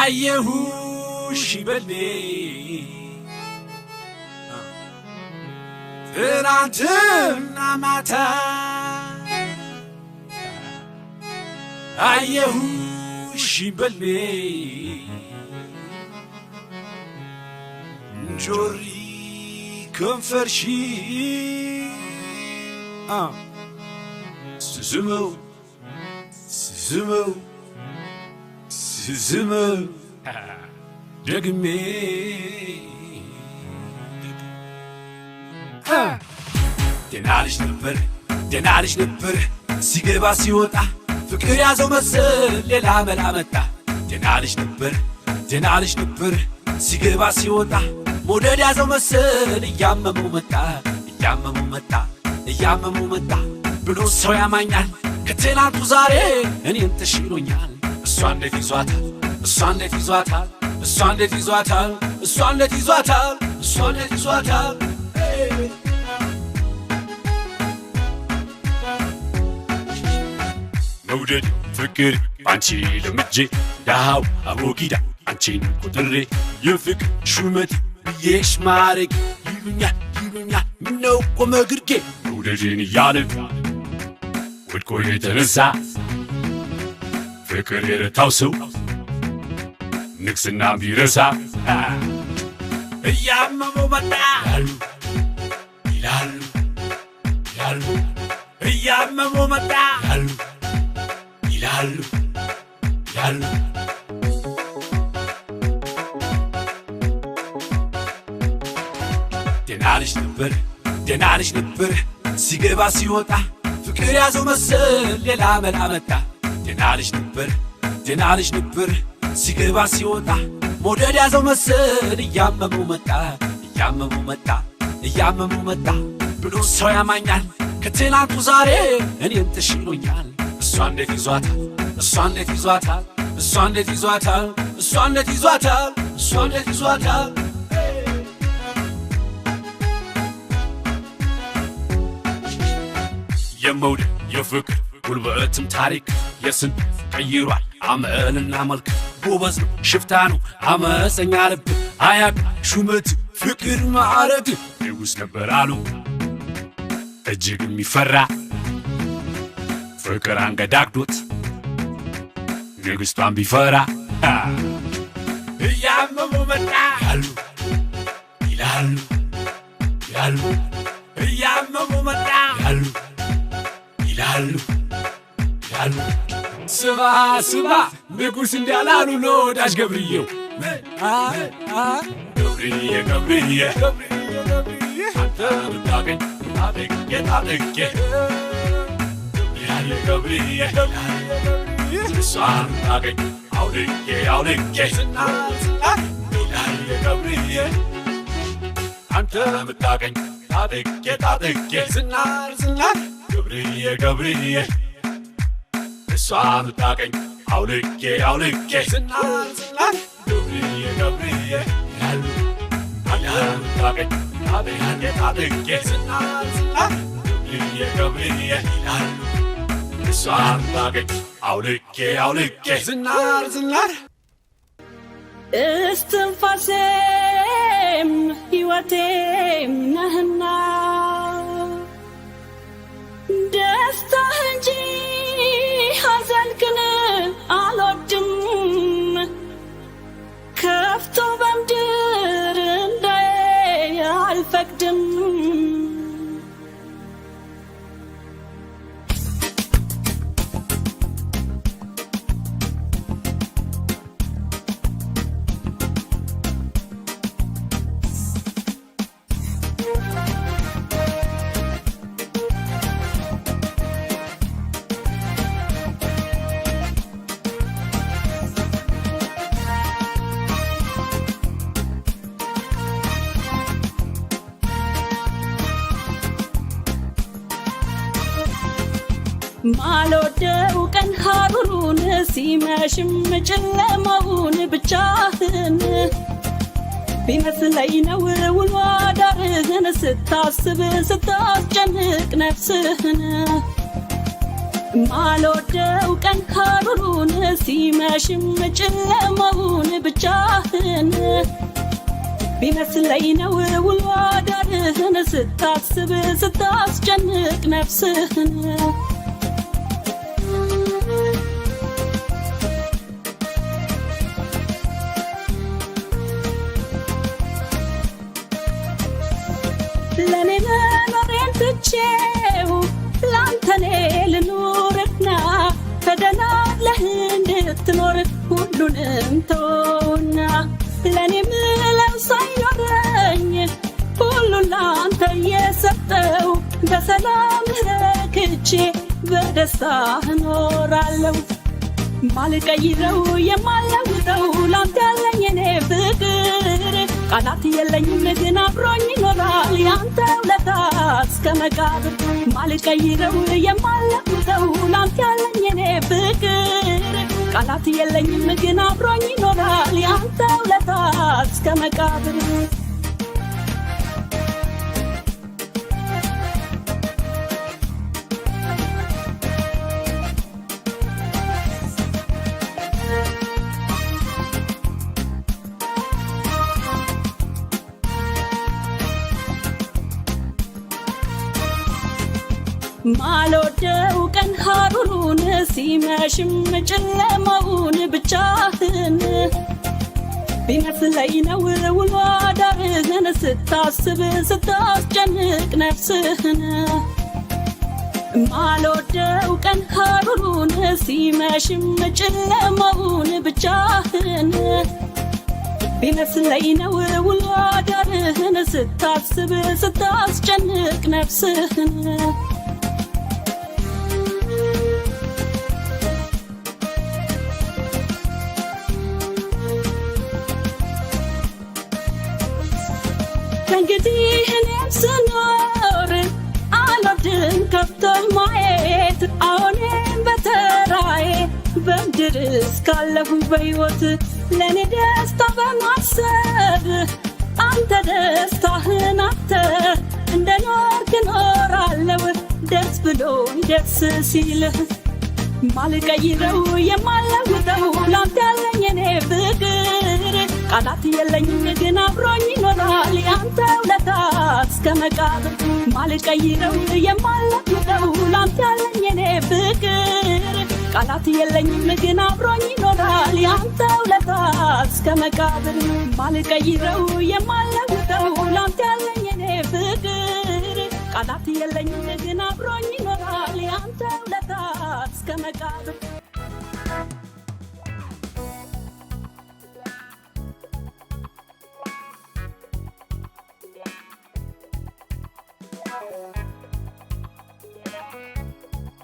አየሁሽ በሌ ትናንትና ማታ አየሁሽ በሌ ጆሪ ከንፈርሽ ስስመው ስመው ስመው ደግሜ ደህና ልጅ ነበር ደህና ልጅ ነበር ሲገባ ሲወጣ ፍቅር ያዘው መስል ሌላ መላ መጣ። ደህና ልጅ ነበር ደህና ልጅ ነበር ሲገባ ሲወጣ ሞደድ ያዘው መስል እያመመው መጣ እያመመው መጣ እያመመው መጣ ብሎ ሰው ያማኛል ከትናንቱ ዛሬ እኔን ተሽሎኛል። እሷ እንዴት ይዟታል? እሷ እንዴት ይዟታል? እሷ እንዴት ይዟታል? እሷ እንዴት ይዟታል? እሷ እንዴት ይዟታል? መውደድ ፍቅር አንቺ ለምጄ ዳሃው አቦጊዳ አንቺን ቁጥሬ የፍቅር ሹመት ብዬሽ ማረግ ይሉኛል ይሉኛል ምነው ቆመ ግርጌ መውደድን እያለ ውድቆ የተነሳ ፍቅር የረታው ሰው ንግስና ቢረሳ እያመመው መጣ ይላሉ ይላሉ እያመመው መጣ ይላሉ ይላሉ ደናልሽ ነበር ልጅ ነበር ሲገባ ሲወጣ ፍቅር ያዘው መሰል ሌላ መላ መጣ። ደህና ልጅ ነበር ደህና ልጅ ነበር ሲገባ ሲወጣ መውደድ ያዘው መሰል እያመመው መጣ እያመመው መጣ እያመመው መጣ ብሎ ሰው ያማኛል ከትናንቱ ዛሬ እኔም ተሽሎኛል። እሷ እንዴት ይዟታል እሷ እንዴት ይዟታል እሷ እንዴት ይዟታል እሷ እንዴት ይዟታል እሷ እንዴት ይዟታል የመውደ የፍቅር ጉልበትም ታሪክ የስንት ቀይሯል አመልና መልክ ጎበዝ ነው ሽፍታ ነው አመፀኛ ልብ አያቅ ሹመት ፍቅር ማለት ንጉሥ ነበር አሉ እጅግ የሚፈራ ፍቅር አንገዳግዶት ንግሥቷን ቢፈራ እያመሙ መጣ አሉ ይላሉ ያሉ ዳሉ ስባ ስባ ንጉሥ እንዳላሉ ነው ዳሽ ገብርዬው ገብርዬ ገብርዬ አንተ ምታገኝ ታጠቄ ታጠቄ ያለ ገብርዬ እሷን ብታገኝ አውልቄ አውልቄ ያለ ገብርዬ አንተ ብታገኝ ታጠቄ ታጠቄ ዝናር ዝናር ገብርዬ ገብርዬ እሷ ምታቀኝ አውልቄ አውልቄ ዝናል ዝናል ገብርዬ ገብርዬ ያሉ አልያል ምታቀኝ ታበያኔ ታብቄ ዝናል ዝናል ገብርዬ ገብርዬ እስትንፋሴ Agadam thank ማልወደው ቀን ሀሩሩን ሲመሽም ጨለማውን ብቻህን ቢመስለኝ ነው ውሎ አዳርህን ስታስብ ስታስጨንቅ ነፍስህን ማልወደው ቀን ሀሩሩን ሲመሽም ጨለማውን ብቻህን ቢመስለኝ ነው ውሎ አዳርህን ስታስብ ስታስጨንቅ ነፍስህን ለኔ መኖሬን ትቼው ለአንተኔ ልኑርና ፈደና ለህ እንድትኖር ሁሉንም ተውና ለእኔ ምለው ሳይኖረኝ ሁሉን ላንተ እየሰጠው በሰላም ረክቼ በደስታ እኖራለሁ። ማልቀይረው የማለውጠው ላንተ ያለኝ እኔ ፍቅር ቃላት የለኝም ግን አብሮኝ ይኖራል ያንተ ውለታ እስከ መቃብር ማልቀይረው የማለፍተው ላንተ ያለኝ የኔ ፍቅር ቃላት የለኝም ግን አብሮኝ ይኖራል ያንተ ውለታ እስከ መቃብር ማልወደው ቀን ሀሩሩን ሲመሽም ጨለማውን ብቻህን ቢመስለኝ ነው ውሎ አዳርህን ስታስብ ስታስጨንቅ ነፍስህን ማልወደው ቀን ሀሩሩን ሲመሽም ጨለማውን ብቻህን ቢመስለኝ ነው ውሎ አዳርህን ስታስብ ስታስጨንቅ ነፍስህን ሰጥቶኝ ማየት አሁኔም በተራዬ በምድር እስካለሁ በሕይወት ለእኔ ደስታ በማሰብ አንተ ደስታህን አተ እንደ ኖርክ እኖራለሁ ደስ ብሎኝ ደስ ሲልህ ማልቀይረው የማለውጠው ላንተ ያለኝ እኔ ፍቅር ቃላት የለኝ ግን አብሮኝ ይኖራል ያንተ ውለታ እስከ መቃብር ማልቀይረው የማለ ነው ላንተ ያለኝ የኔ ፍቅር ቃላት የለኝም ግን አብሮኝ ይኖራል ያንተ ውለታ እስከ መቃብር ማልቀይረው የማለውጠው ላንተ ያለኝ የኔ ፍቅር ቃላት የለኝም ግን አብሮኝ ይኖራል ያንተ ውለታ እስከ መቃብር